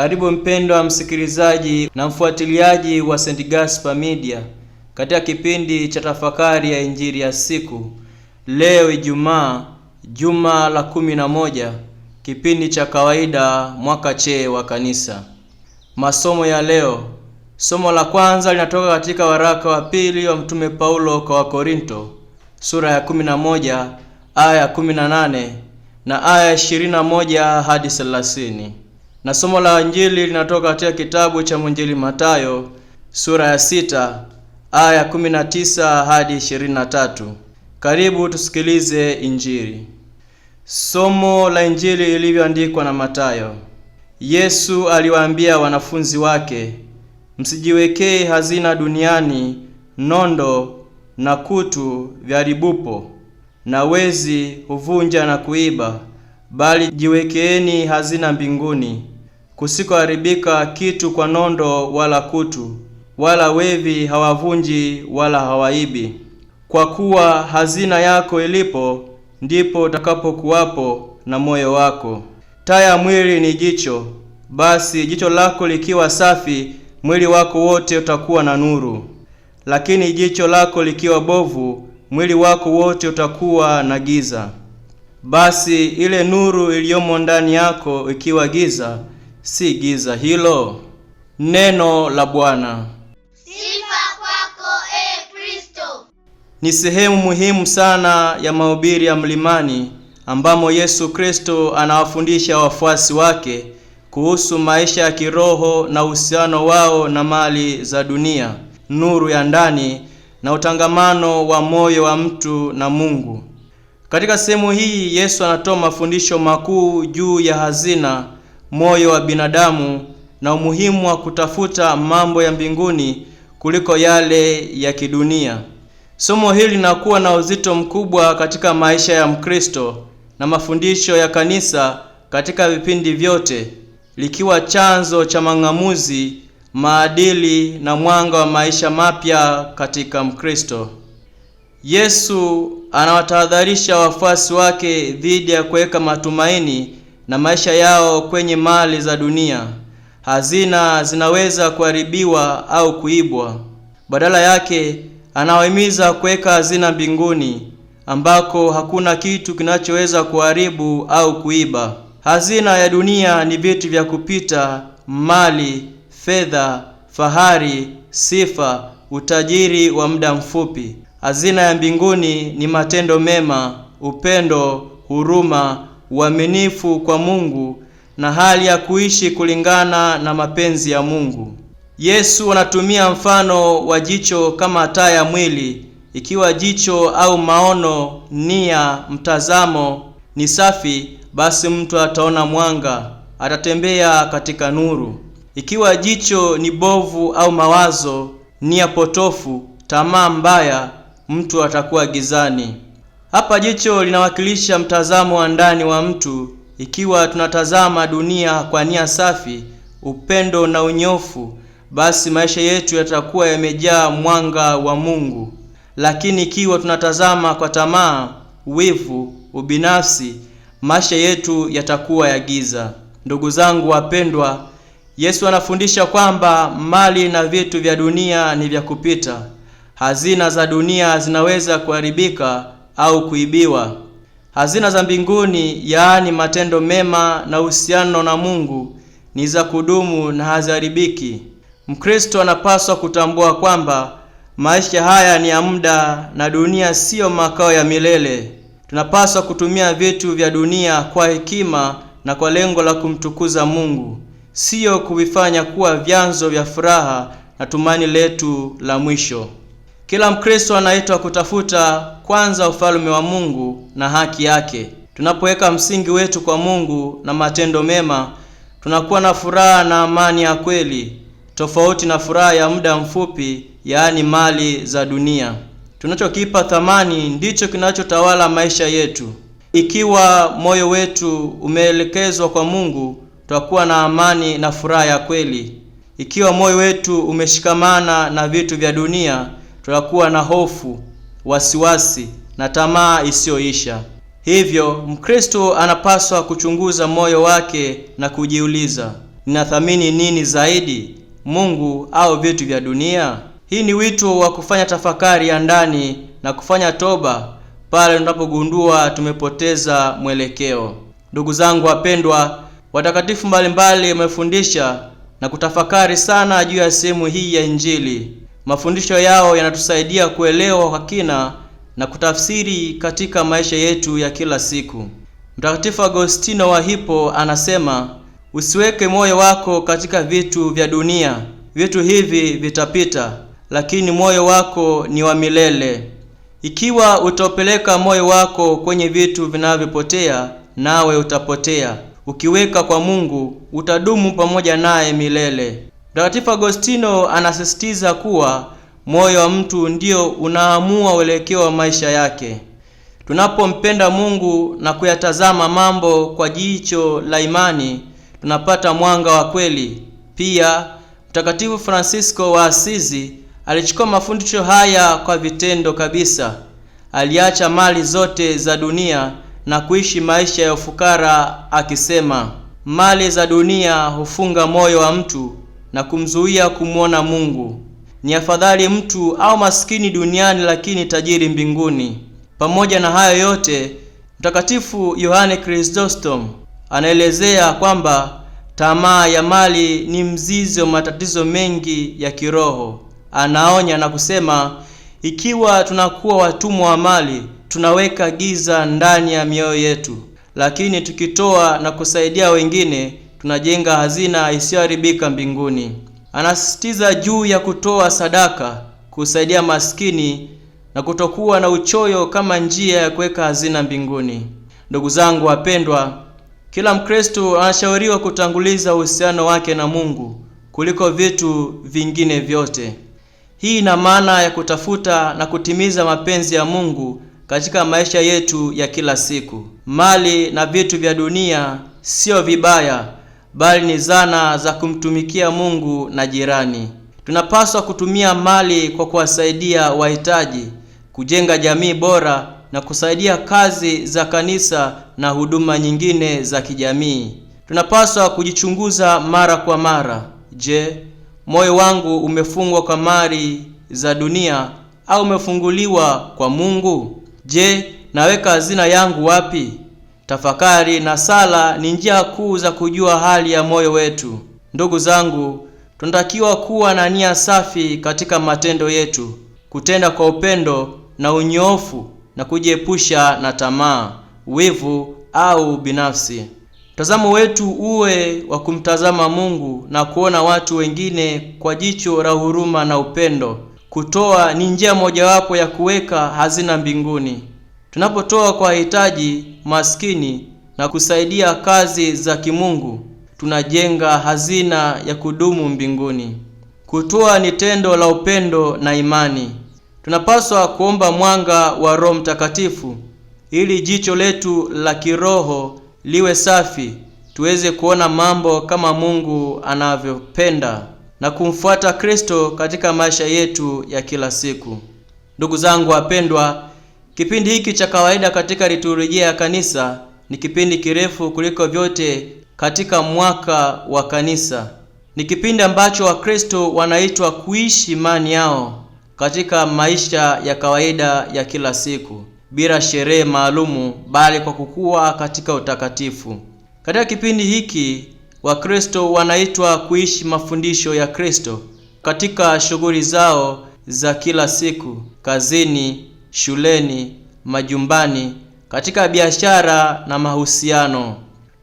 Karibu mpendwa msikilizaji na mfuatiliaji wa St. Gaspar Media katika kipindi cha tafakari ya injili ya siku leo, Ijumaa, juma la kumi na moja, kipindi cha kawaida mwaka C wa Kanisa. Masomo ya leo, somo la kwanza linatoka katika waraka wa pili wa Mtume Paulo kwa Wakorinto sura ya 11 aya 18 na aya 21 hadi 30 na somo la Injili linatoka katika kitabu cha mwinjili Matayo sura ya sita aya tisa hadi tatu. Karibu tusikilize Injili. Somo la Injili ilivyoandikwa na Matayo. Yesu aliwaambia wanafunzi wake, msijiwekee hazina duniani, nondo na kutu vyaribupo na wezi huvunja na kuiba, bali jiwekeeni hazina mbinguni kusikoharibika kitu kwa nondo wala kutu, wala wevi hawavunji wala hawaibi. Kwa kuwa hazina yako ilipo, ndipo utakapokuwapo na moyo wako. Taa ya mwili ni jicho. Basi jicho lako likiwa safi, mwili wako wote utakuwa na nuru, lakini jicho lako likiwa bovu, mwili wako wote utakuwa na giza. Basi ile nuru iliyomo ndani yako ikiwa giza si giza hilo. Neno la Bwana. Sifa kwako e Kristo. Ni sehemu muhimu sana ya mahubiri ya mlimani ambamo Yesu Kristo anawafundisha wafuasi wake kuhusu maisha ya kiroho na uhusiano wao na mali za dunia, nuru ya ndani na utangamano wa moyo wa mtu na Mungu. Katika sehemu hii Yesu anatoa mafundisho makuu juu ya hazina moyo wa binadamu na umuhimu wa kutafuta mambo ya mbinguni kuliko yale ya kidunia. Somo hili linakuwa na uzito mkubwa katika maisha ya Mkristo na mafundisho ya kanisa katika vipindi vyote, likiwa chanzo cha mang'amuzi, maadili na mwanga wa maisha mapya katika Mkristo. Yesu anawatahadharisha wafuasi wake dhidi ya kuweka matumaini na maisha yao kwenye mali za dunia. Hazina zinaweza kuharibiwa au kuibwa. Badala yake, anawahimiza kuweka hazina mbinguni ambako hakuna kitu kinachoweza kuharibu au kuiba. Hazina ya dunia ni vitu vya kupita: mali, fedha, fahari, sifa, utajiri wa muda mfupi. Hazina ya mbinguni ni matendo mema, upendo, huruma uaminifu kwa Mungu na hali ya kuishi kulingana na mapenzi ya Mungu. Yesu anatumia mfano wa jicho kama taa ya mwili, ikiwa jicho au maono, nia, mtazamo ni safi, basi mtu ataona mwanga, atatembea katika nuru. Ikiwa jicho ni bovu au mawazo, nia potofu, tamaa mbaya, mtu atakuwa gizani. Hapa jicho linawakilisha mtazamo wa ndani wa mtu, ikiwa tunatazama dunia kwa nia safi, upendo na unyofu, basi maisha yetu yatakuwa yamejaa mwanga wa Mungu. Lakini ikiwa tunatazama kwa tamaa, wivu, ubinafsi, maisha yetu yatakuwa ya giza. Ndugu zangu wapendwa, Yesu anafundisha kwamba mali na vitu vya dunia ni vya kupita. Hazina za dunia zinaweza kuharibika au kuibiwa. Hazina za mbinguni, yaani matendo mema na uhusiano na Mungu, ni za kudumu na haziharibiki. Mkristo anapaswa kutambua kwamba maisha haya ni ya muda na dunia siyo makao ya milele. Tunapaswa kutumia vitu vya dunia kwa hekima na kwa lengo la kumtukuza Mungu, siyo kuvifanya kuwa vyanzo vya furaha na tumaini letu la mwisho. Kila Mkristo anaitwa kutafuta kwanza ufalme wa Mungu na haki yake. Tunapoweka msingi wetu kwa Mungu na matendo mema, tunakuwa na furaha na amani ya kweli, tofauti na furaha ya muda mfupi, yaani mali za dunia. Tunachokipa thamani ndicho kinachotawala maisha yetu. Ikiwa moyo wetu umeelekezwa kwa Mungu, tutakuwa na amani na furaha ya kweli. Ikiwa moyo wetu umeshikamana na vitu vya dunia tunakuwa na hofu, wasiwasi na tamaa isiyoisha. Hivyo Mkristo anapaswa kuchunguza moyo wake na kujiuliza, ninathamini nini zaidi, Mungu au vitu vya dunia? Hii ni wito wa kufanya tafakari ya ndani na kufanya toba pale tunapogundua tumepoteza mwelekeo. Ndugu zangu wapendwa, watakatifu mbalimbali wamefundisha na kutafakari sana juu ya sehemu hii ya Injili. Mafundisho yao yanatusaidia kuelewa kwa kina na kutafsiri katika maisha yetu ya kila siku. Mtakatifu Agostino wa Hippo anasema, usiweke moyo wako katika vitu vya dunia, vitu hivi vitapita, lakini moyo wako ni wa milele. Ikiwa utaupeleka moyo wako kwenye vitu vinavyopotea, nawe utapotea. Ukiweka kwa Mungu, utadumu pamoja naye milele. Mtakatifu Agostino anasisitiza kuwa moyo wa mtu ndio unaamua uelekeo wa maisha yake. Tunapompenda Mungu na kuyatazama mambo kwa jicho la imani, tunapata mwanga wa kweli. Pia Mtakatifu Fransisko wa Asizi alichukua mafundisho haya kwa vitendo kabisa. Aliacha mali zote za dunia na kuishi maisha ya ufukara, akisema mali za dunia hufunga moyo wa mtu na kumzuia kumwona Mungu. Ni afadhali mtu au maskini duniani lakini tajiri mbinguni. Pamoja na hayo yote, Mtakatifu Yohane Chrysostom anaelezea kwamba tamaa ya mali ni mzizi wa matatizo mengi ya kiroho. Anaonya na kusema, ikiwa tunakuwa watumwa wa mali, tunaweka giza ndani ya mioyo yetu, lakini tukitoa na kusaidia wengine tunajenga hazina isiyoharibika mbinguni. Anasisitiza juu ya kutoa sadaka, kusaidia maskini na kutokuwa na uchoyo kama njia ya kuweka hazina mbinguni. Ndugu zangu wapendwa, kila Mkristo anashauriwa kutanguliza uhusiano wake na Mungu kuliko vitu vingine vyote. Hii ina maana ya kutafuta na kutimiza mapenzi ya Mungu katika maisha yetu ya kila siku. Mali na vitu vya dunia sio vibaya, bali ni zana za kumtumikia Mungu na jirani. Tunapaswa kutumia mali kwa kuwasaidia wahitaji, kujenga jamii bora na kusaidia kazi za kanisa na huduma nyingine za kijamii. Tunapaswa kujichunguza mara kwa mara. Je, moyo wangu umefungwa kwa mali za dunia au umefunguliwa kwa Mungu? Je, naweka hazina yangu wapi? Tafakari na sala ni njia kuu za kujua hali ya moyo wetu. Ndugu zangu, tunatakiwa kuwa na nia safi katika matendo yetu, kutenda kwa upendo na unyofu na kujiepusha na tamaa, wivu au binafsi. Mtazamo wetu uwe wa kumtazama Mungu na kuona watu wengine kwa jicho la huruma na upendo. Kutoa ni njia mojawapo ya kuweka hazina mbinguni. Tunapotoa kwa hitaji maskini na kusaidia kazi za kimungu, tunajenga hazina ya kudumu mbinguni. Kutoa ni tendo la upendo na imani. Tunapaswa kuomba mwanga wa Roho Mtakatifu ili jicho letu la kiroho liwe safi, tuweze kuona mambo kama Mungu anavyopenda na kumfuata Kristo katika maisha yetu ya kila siku. Ndugu zangu wapendwa, Kipindi hiki cha kawaida katika liturujia ya kanisa ni kipindi kirefu kuliko vyote katika mwaka wa kanisa. Ni kipindi ambacho Wakristo wanaitwa kuishi imani yao katika maisha ya kawaida ya kila siku bila sherehe maalumu, bali kwa kukua katika utakatifu. Katika kipindi hiki Wakristo wanaitwa kuishi mafundisho ya Kristo katika shughuli zao za kila siku, kazini shuleni, majumbani, katika biashara na mahusiano.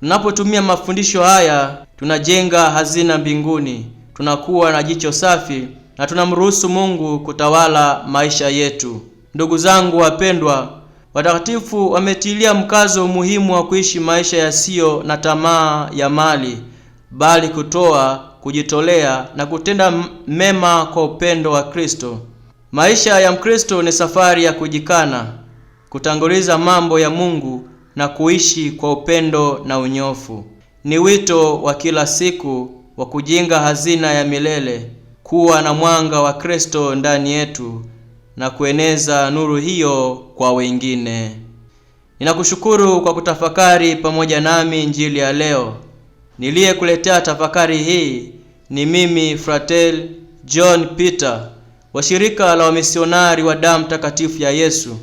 Tunapotumia mafundisho haya, tunajenga hazina mbinguni, tunakuwa na jicho safi na tunamruhusu Mungu kutawala maisha yetu. Ndugu zangu wapendwa, watakatifu wametilia mkazo umuhimu wa kuishi maisha yasiyo na tamaa ya mali, bali kutoa, kujitolea na kutenda mema kwa upendo wa Kristo. Maisha ya Mkristo ni safari ya kujikana, kutanguliza mambo ya Mungu na kuishi kwa upendo na unyofu. Ni wito wa kila siku wa kujenga hazina ya milele, kuwa na mwanga wa Kristo ndani yetu na kueneza nuru hiyo kwa wengine. Ninakushukuru kwa kutafakari pamoja nami Injili ya leo. Niliyekuletea tafakari hii ni mimi Fratel John Peter wa shirika la wamisionari wa damu takatifu ya Yesu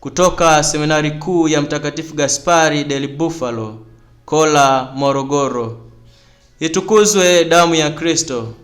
kutoka seminari kuu ya Mtakatifu Gaspari del Bufalo, Kola, Morogoro. Itukuzwe damu ya Kristo!